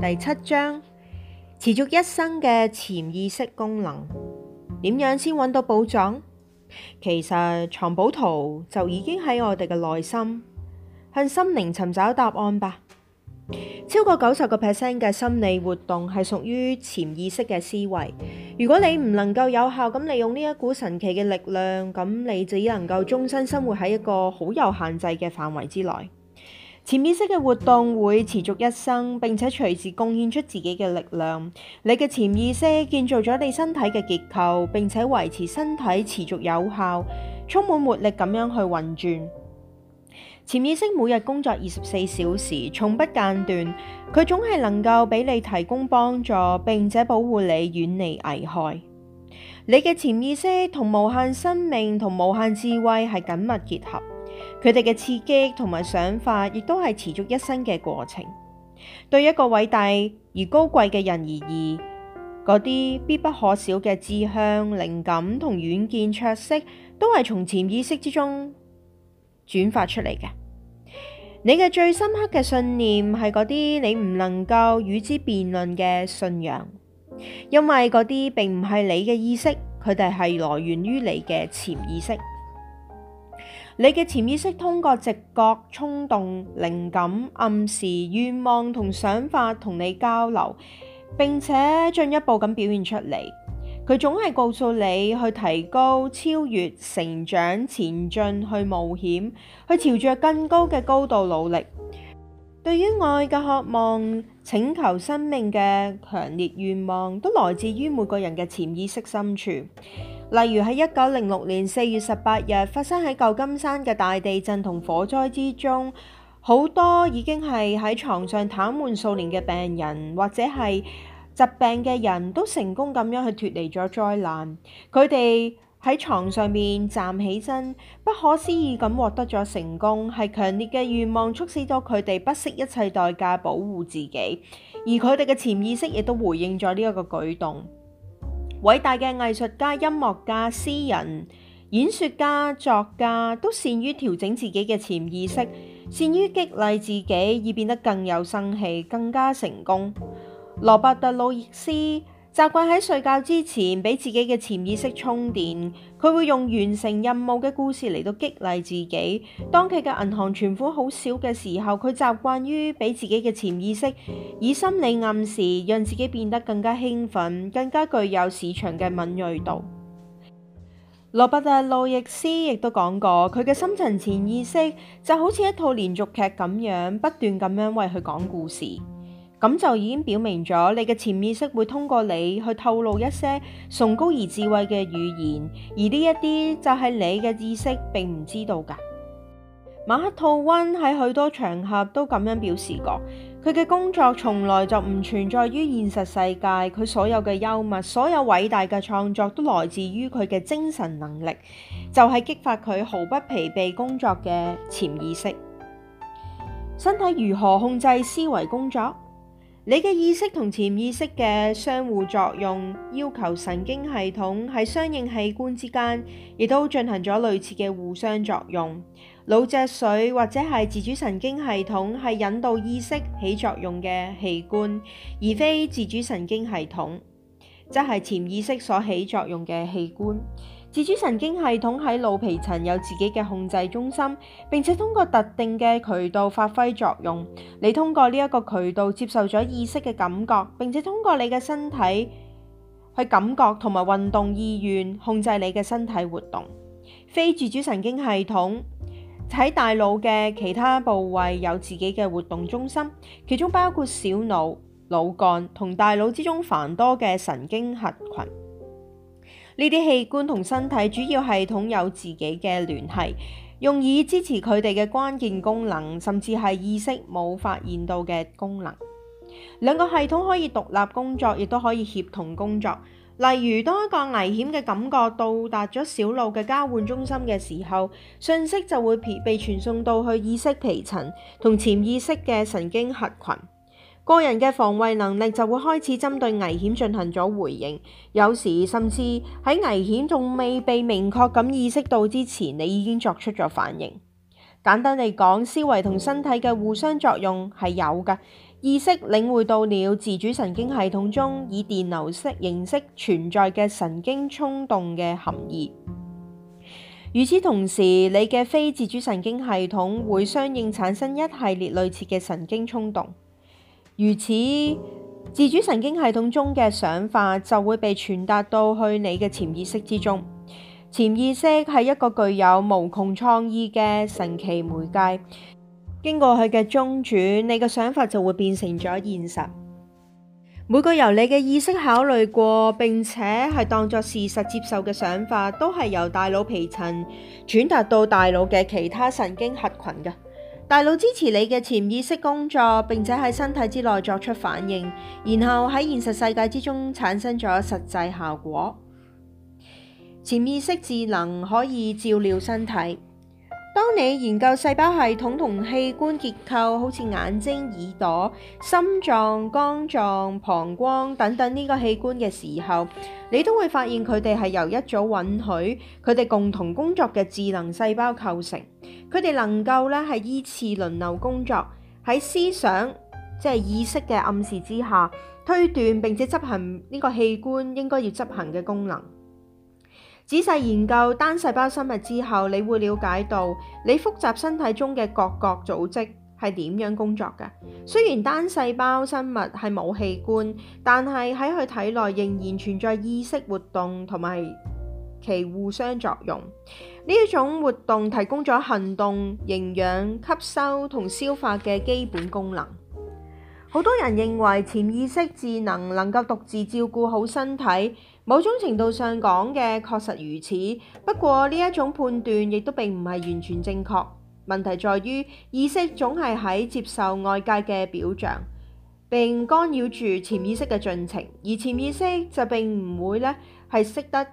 第七章，持續一生嘅潛意識功能，點樣先揾到寶藏？其實藏寶圖就已經喺我哋嘅內心，向心靈尋找答案吧。超過九十個 percent 嘅心理活動係屬於潛意識嘅思維。如果你唔能夠有效咁利用呢一股神奇嘅力量，咁你只能夠終身生活喺一個好有限制嘅範圍之內。潛意識嘅活動會持續一生，並且隨時貢獻出自己嘅力量。你嘅潛意識建造咗你身體嘅結構，並且維持身體持續有效、充滿活力咁樣去運轉。潛意識每日工作二十四小時，從不間斷。佢總係能夠俾你提供幫助，並且保護你遠離危害。你嘅潛意識同無限生命同無限智慧係緊密結合。佢哋嘅刺激同埋想法，亦都係持續一生嘅過程。對一個偉大而高貴嘅人而言，嗰啲必不可少嘅志向、靈感同遠見卓識，都係從潛意識之中轉發出嚟嘅。你嘅最深刻嘅信念係嗰啲你唔能夠與之辯論嘅信仰，因為嗰啲並唔係你嘅意識，佢哋係來源於你嘅潛意識。你嘅潛意識通過直覺、衝動、靈感、暗示、願望同想法同你交流，並且進一步咁表現出嚟。佢總係告訴你去提高、超越、成長、前進、去冒險、去朝着更高嘅高度努力。對於愛嘅渴望、請求、生命嘅強烈願望，都來自於每個人嘅潛意識深處。例如喺一九零六年四月十八日發生喺舊金山嘅大地震同火災之中，好多已經係喺床上癱瘓數年嘅病人或者係疾病嘅人都成功咁樣去脫離咗災難。佢哋喺床上面站起身，不可思議咁獲得咗成功，係強烈嘅願望促使咗佢哋不惜一切代價保護自己，而佢哋嘅潛意識亦都回應咗呢一個舉動。偉大嘅藝術家、音樂家、詩人、演說家、作家都善於調整自己嘅潛意識，善於激勵自己，而變得更有生氣、更加成功。羅伯特·路易斯習慣喺睡覺之前俾自己嘅潛意識充電，佢會用完成任務嘅故事嚟到激勵自己。當佢嘅銀行存款好少嘅時候，佢習慣於俾自己嘅潛意識以心理暗示，讓自己變得更加興奮，更加具有市場嘅敏銳度。羅伯特路易斯亦都講過，佢嘅深層潛意識就好似一套連續劇咁樣，不斷咁樣為佢講故事。咁就已經表明咗，你嘅潛意識會通過你去透露一些崇高而智慧嘅語言，而呢一啲就係你嘅意識並唔知道噶。馬克吐溫喺許多場合都咁樣表示過，佢嘅工作從來就唔存在於現實世界，佢所有嘅幽默、所有偉大嘅創作都來自於佢嘅精神能力，就係激發佢毫不疲憊工作嘅潛意識。身體如何控制思維工作？你嘅意識同潛意識嘅相互作用，要求神經系統喺相應器官之間，亦都進行咗類似嘅互相作用。腦脊髓或者係自主神經系統係引導意識起作用嘅器官，而非自主神經系統，則係潛意識所起作用嘅器官。自主神經系統喺腦皮層有自己嘅控制中心，並且通過特定嘅渠道發揮作用。你通過呢一個渠道接受咗意識嘅感覺，並且通過你嘅身體去感覺同埋運動意願控制你嘅身體活動。非自主神經系統喺大腦嘅其他部位有自己嘅活動中心，其中包括小腦、腦幹同大腦之中繁多嘅神經核群。呢啲器官同身體主要系統有自己嘅聯繫，用以支持佢哋嘅關鍵功能，甚至係意識冇發現到嘅功能。兩個系統可以獨立工作，亦都可以協同工作。例如，當一個危險嘅感覺到達咗小腦嘅交換中心嘅時候，信息就會被，被傳送到去意識皮層同潛意識嘅神經核群。個人嘅防衛能力就會開始針對危險進行咗回應，有時甚至喺危險仲未被明確咁意識到之前，你已經作出咗反應。簡單嚟講，思維同身體嘅互相作用係有㗎。意識領會到了自主神經系統中以電流式形式存在嘅神經衝動嘅含義，與此同時，你嘅非自主神經系統會相應產生一系列類似嘅神經衝動。如此，自主神經系統中嘅想法就會被傳達到去你嘅潛意識之中。潛意識係一個具有無窮創意嘅神奇媒介，經過佢嘅中轉，你嘅想法就會變成咗現實。每個由你嘅意識考慮過，並且係當作事實接受嘅想法，都係由大腦皮層傳達到大腦嘅其他神經核群嘅。大腦支持你嘅潛意識工作，並且喺身體之內作出反應，然後喺現實世界之中產生咗實際效果。潛意識智能可以照料身體。當你研究細胞系統同器官結構，好似眼睛、耳朵、心臟、肝臟、膀胱等等呢個器官嘅時候，你都會發現佢哋係由一組允許佢哋共同工作嘅智能細胞構成。佢哋能夠呢係依次輪流工作，喺思想，即係意識嘅暗示之下，推斷並且執行呢個器官應該要執行嘅功能。仔細研究單細胞生物之後，你會了解到你複雜身體中嘅各個組織係點樣工作嘅。雖然單細胞生物係冇器官，但係喺佢體內仍然存在意識活動同埋其互相作用。呢一種活動提供咗行動、營養、吸收同消化嘅基本功能。好多人認為潛意識智能能夠獨自照顧好身體。某種程度上講嘅確實如此，不過呢一種判斷亦都並唔係完全正確。問題在於意識總係喺接受外界嘅表象，並干擾住潛意識嘅進程，而潛意識就並唔會咧係識得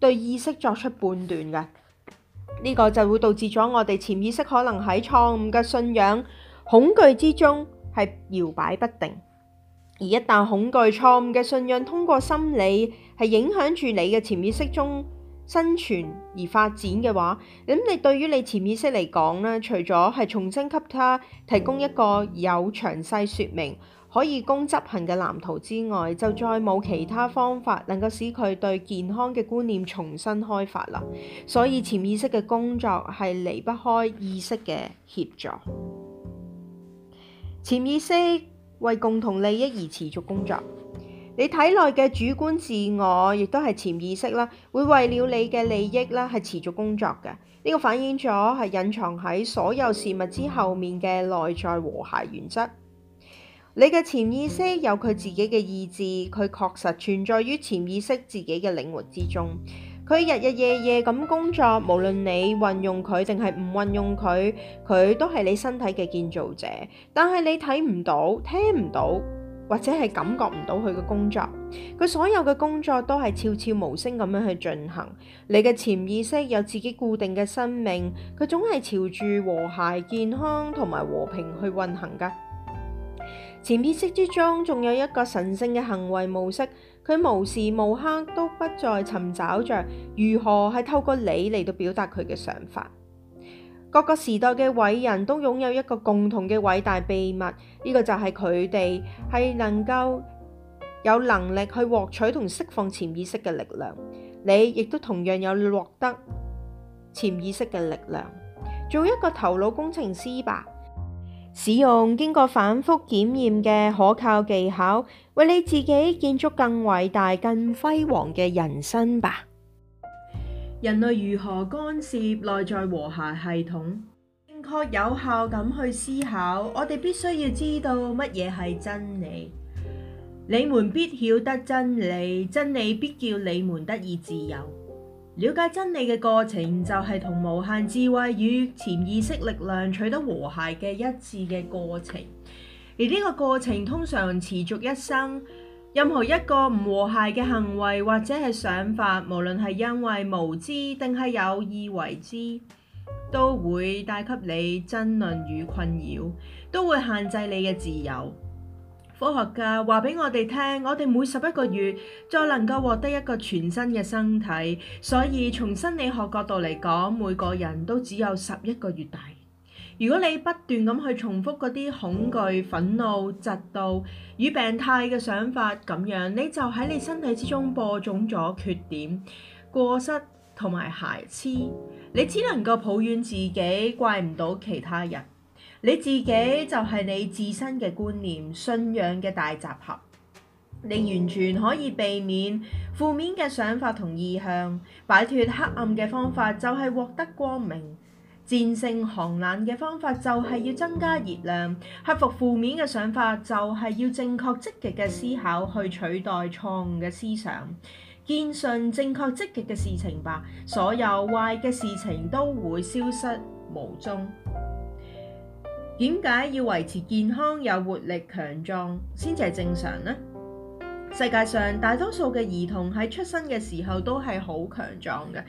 對意識作出判斷嘅。呢個就會導致咗我哋潛意識可能喺錯誤嘅信仰、恐懼之中係搖擺不定。而一旦恐懼錯誤嘅信仰通過心理係影響住你嘅潛意識中生存而發展嘅話，咁你對於你潛意識嚟講呢，除咗係重新給他提供一個有詳細説明可以供執行嘅藍圖之外，就再冇其他方法能夠使佢對健康嘅觀念重新開發啦。所以潛意識嘅工作係離不開意識嘅協助，潛意識。為共同利益而持續工作，你體內嘅主觀自我亦都係潛意識啦，會為了你嘅利益啦係持續工作嘅。呢個反映咗係隱藏喺所有事物之後面嘅內在和諧原則。你嘅潛意識有佢自己嘅意志，佢確實存在於潛意識自己嘅領域之中。佢日日夜夜咁工作，無論你運用佢定係唔運用佢，佢都係你身體嘅建造者。但係你睇唔到、聽唔到，或者係感覺唔到佢嘅工作。佢所有嘅工作都係悄悄無聲咁樣去進行。你嘅潛意識有自己固定嘅生命，佢總係朝住和諧、健康同埋和平去運行㗎。潛意識之中仲有一個神聖嘅行為模式。佢無時無刻都不在尋找着如何係透過你嚟到表達佢嘅想法。各個時代嘅偉人都擁有一個共同嘅偉大秘密，呢個就係佢哋係能夠有能力去獲取同釋放潛意識嘅力量。你亦都同樣有獲得潛意識嘅力量，做一個頭腦工程師吧。使用經過反覆檢驗嘅可靠技巧，為你自己建築更偉大、更輝煌嘅人生吧。人類如何干涉內在和諧系統？正確、有效噉去思考，我哋必須要知道乜嘢係真理。你們必曉得真理，真理必叫你們得以自由。了解真理嘅過程就係、是、同無限智慧與潛意識力量取得和諧嘅一致嘅過程，而呢個過程通常持續一生。任何一個唔和諧嘅行為或者係想法，無論係因為無知定係有意為之，都會帶給你爭論與困擾，都會限制你嘅自由。科學家話俾我哋聽，我哋每十一個月再能夠獲得一個全新嘅身體，所以從生理學角度嚟講，每個人都只有十一個月大。如果你不斷咁去重複嗰啲恐懼、憤怒、嫉妒與病態嘅想法咁樣，你就喺你身體之中播種咗缺點、過失同埋瑕疵，你只能夠抱怨自己，怪唔到其他人。你自己就係你自身嘅觀念、信仰嘅大集合，你完全可以避免負面嘅想法同意向，擺脱黑暗嘅方法就係獲得光明，戰勝寒冷嘅方法就係要增加熱量，克服負面嘅想法就係要正確積極嘅思考去取代錯誤嘅思想，堅信正確積極嘅事情吧，所有壞嘅事情都會消失無蹤。點解要維持健康、有活力、強壯先至係正常呢？世界上大多數嘅兒童喺出生嘅時候都係好強壯嘅。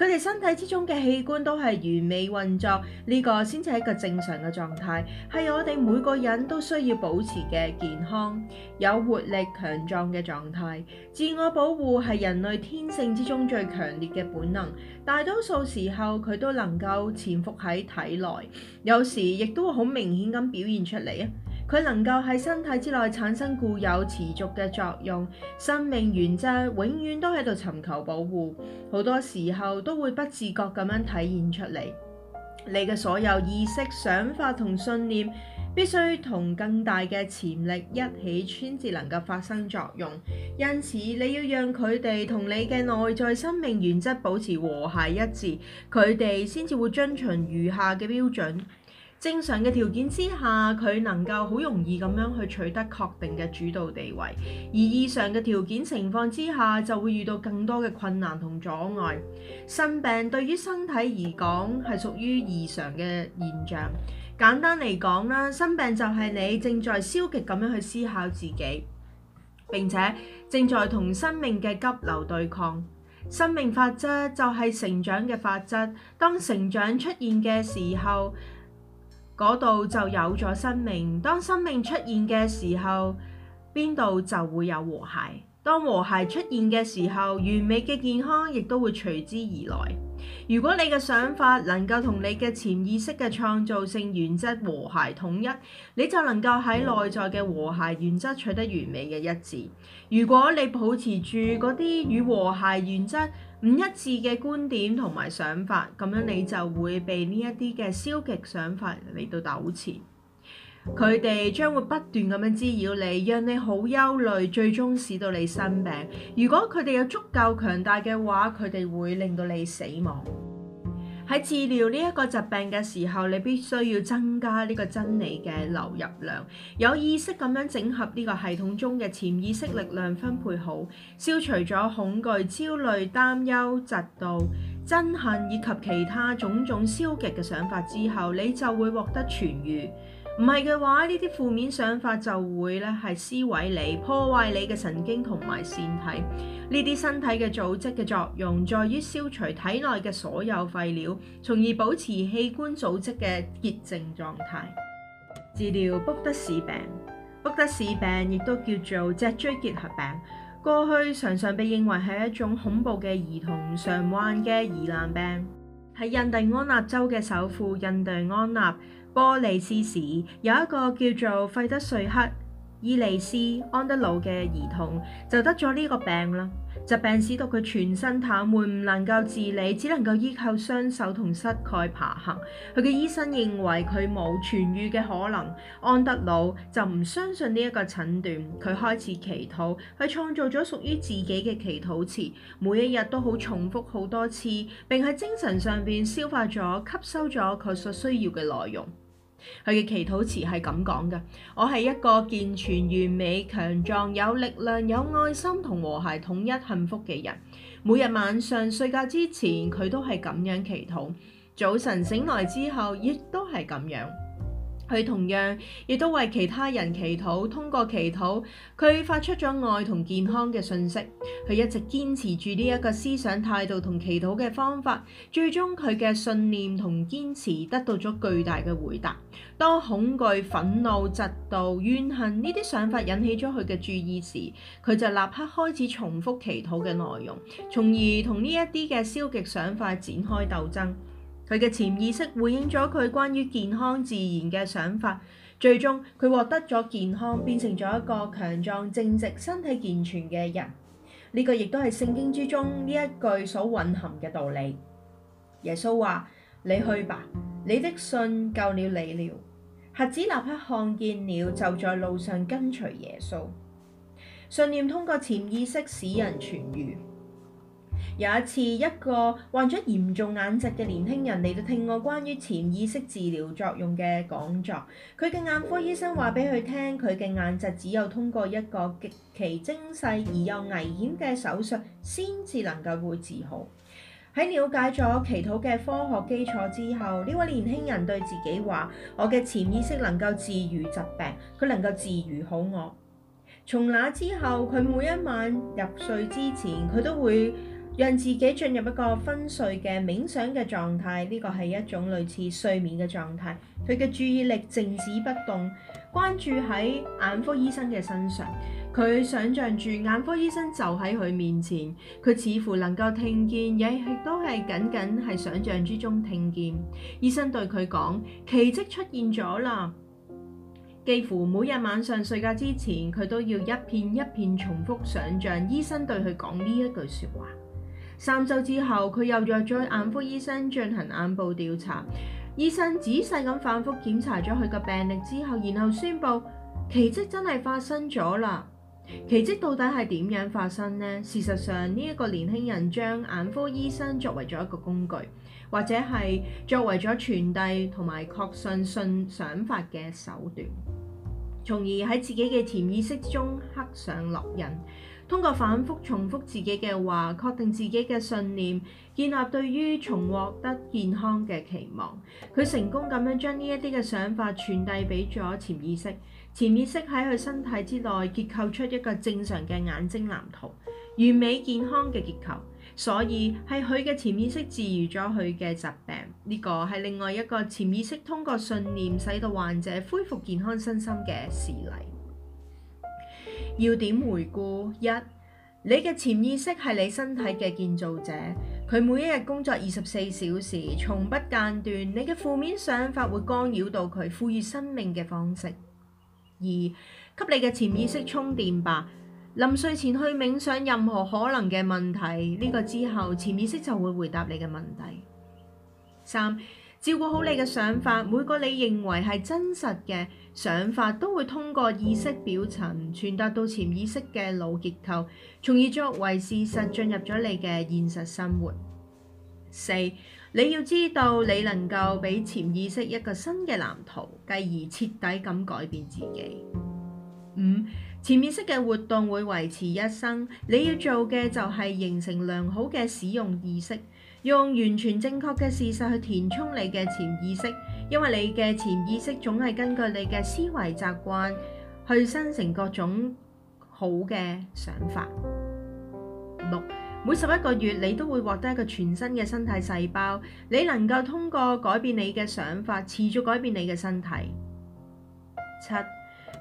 佢哋身體之中嘅器官都係完美運作，呢個先至係一個正常嘅狀態，係我哋每個人都需要保持嘅健康、有活力、強壯嘅狀態。自我保護係人類天性之中最強烈嘅本能，大多數時候佢都能夠潛伏喺體內，有時亦都好明顯咁表現出嚟啊！佢能夠喺身體之內產生固有持續嘅作用，生命原則永遠都喺度尋求保護，好多時候都會不自覺咁樣體現出嚟。你嘅所有意識、想法同信念，必須同更大嘅潛力一起穿，至能夠發生作用。因此，你要讓佢哋同你嘅內在生命原則保持和諧一致，佢哋先至會遵循餘下嘅標準。正常嘅條件之下，佢能夠好容易咁樣去取得確定嘅主導地位；而異常嘅條件情況之下，就會遇到更多嘅困難同阻礙。生病對於身體而講係屬於異常嘅現象。簡單嚟講啦，生病就係你正在消極咁樣去思考自己，並且正在同生命嘅急流對抗。生命法則就係成長嘅法則。當成長出現嘅時候，嗰度就有咗生命。當生命出現嘅時候，邊度就會有和諧。當和諧出現嘅時候，完美嘅健康亦都會隨之而來。如果你嘅想法能夠同你嘅潛意識嘅創造性原則和諧統一，你就能夠喺內在嘅和諧原則取得完美嘅一致。如果你保持住嗰啲與和諧原則唔一致嘅觀點同埋想法，咁樣你就會被呢一啲嘅消極想法嚟到糾纏，佢哋將會不斷咁樣滋擾你，讓你好憂慮，最終使到你生病。如果佢哋有足夠強大嘅話，佢哋會令到你死亡。喺治療呢一個疾病嘅時候，你必須要增加呢個真理嘅流入量，有意識咁樣整合呢個系統中嘅潛意識力量分配好，消除咗恐懼、焦慮、擔憂、嫉妒、憎恨以及其他種種消極嘅想法之後，你就會獲得痊愈。唔係嘅話，呢啲負面想法就會咧係摧毀你、破壞你嘅神經同埋腺體。呢啲身體嘅組織嘅作用，在於消除體內嘅所有廢料，從而保持器官組織嘅潔淨狀態。治療卜德氏病，卜德氏病亦都叫做脊椎結核病。過去常常被認為係一種恐怖嘅兒童常患嘅疑難病。喺印第安納州嘅首府印第安納波利斯市，有一個叫做費德瑞克。伊麗斯安德魯嘅兒童就得咗呢個病啦，疾病使到佢全身癱瘓，唔能夠自理，只能夠依靠雙手同膝蓋爬行。佢嘅醫生認為佢冇痊癒嘅可能。安德魯就唔相信呢一個診斷，佢開始祈禱，佢創造咗屬於自己嘅祈禱詞，每一日都好重複好多次，並喺精神上邊消化咗、吸收咗佢所需要嘅內容。佢嘅祈禱詞係咁講嘅：我係一個健全、完美、強壯、有力量、有愛心同和諧、統一、幸福嘅人。每日晚上睡覺之前，佢都係咁樣祈禱；早晨醒來之後，亦都係咁樣。佢同樣亦都為其他人祈禱，通過祈禱，佢發出咗愛同健康嘅訊息。佢一直堅持住呢一個思想態度同祈禱嘅方法，最終佢嘅信念同堅持得到咗巨大嘅回答。當恐懼、憤怒、嫉妒、怨恨呢啲想法引起咗佢嘅注意時，佢就立刻開始重複祈禱嘅內容，從而同呢一啲嘅消極想法展開鬥爭。佢嘅潛意識回應咗佢關於健康自然嘅想法，最終佢獲得咗健康，變成咗一個強壯、正直、身體健全嘅人。呢、這個亦都係聖經之中呢一句所蘊含嘅道理。耶穌話：你去吧，你的信救了你了。瞎子立刻看見了，就在路上跟隨耶穌。信念通過潛意識使人痊癒。有一次，一個患咗嚴重眼疾嘅年輕人嚟到聽我關於潛意識治療作用嘅講座。佢嘅眼科醫生話俾佢聽，佢嘅眼疾只有通過一個極其精細而又危險嘅手術先至能夠會治好。喺了解咗祈禱嘅科學基礎之後，呢位年輕人對自己話：我嘅潛意識能夠治癒疾病，佢能夠治癒好我。從那之後，佢每一晚入睡之前，佢都會……讓自己進入一個昏睡嘅冥想嘅狀態，呢個係一種類似睡眠嘅狀態。佢嘅注意力靜止不動，關注喺眼科醫生嘅身上。佢想象住眼科醫生就喺佢面前，佢似乎能夠聽見嘢，也都係僅僅係想象之中聽見。醫生對佢講：奇蹟出現咗啦！幾乎每日晚上睡覺之前，佢都要一片一片重複想象醫生對佢講呢一句説話。三週之後，佢又約咗眼科醫生進行眼部調查。醫生仔細咁反覆檢查咗佢嘅病歷之後，然後宣布奇蹟真係發生咗啦！奇蹟到底係點樣發生呢？事實上，呢一個年輕人將眼科醫生作為咗一個工具，或者係作為咗傳遞同埋確信信想法嘅手段，從而喺自己嘅潛意識中刻上烙印。通過反覆重複自己嘅話，確定自己嘅信念，建立對於重獲得健康嘅期望。佢成功咁樣將呢一啲嘅想法傳遞俾咗潛意識，潛意識喺佢身體之內結構出一個正常嘅眼睛藍圖，完美健康嘅結構。所以係佢嘅潛意識治癒咗佢嘅疾病。呢、這個係另外一個潛意識通過信念使到患者恢復健康身心嘅事例。要點回顧：一、你嘅潛意識係你身體嘅建造者，佢每一日工作二十四小時，從不間斷。你嘅負面想法會干擾到佢賦予生命嘅方式。二、給你嘅潛意識充電吧，臨睡前去冥想任何可能嘅問題，呢個之後潛意識就會回答你嘅問題。三。照顧好你嘅想法，每個你認為係真實嘅想法，都會通過意識表層傳達到潛意識嘅腦結構，從而作為事實進入咗你嘅現實生活。四，你要知道你能夠俾潛意識一個新嘅藍圖，繼而徹底咁改變自己。五，潛意識嘅活動會維持一生，你要做嘅就係形成良好嘅使用意識。用完全正確嘅事實去填充你嘅潛意識，因為你嘅潛意識總係根據你嘅思維習慣去生成各種好嘅想法。六，每十一個月你都會獲得一個全新嘅身體細胞，你能夠通過改變你嘅想法，持續改變你嘅身體。七，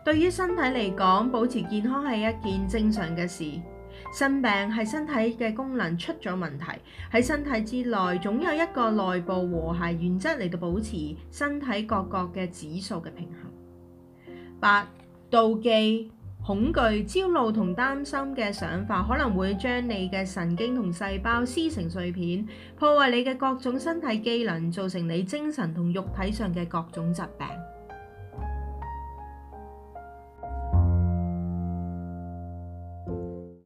對於身體嚟講，保持健康係一件正常嘅事。身病係身體嘅功能出咗問題，喺身體之內總有一個內部和諧原則嚟到保持身體各個嘅指數嘅平衡。八，妒忌、恐懼、焦慮同擔心嘅想法，可能會將你嘅神經同細胞撕成碎片，破壞你嘅各種身體機能，造成你精神同肉體上嘅各種疾病。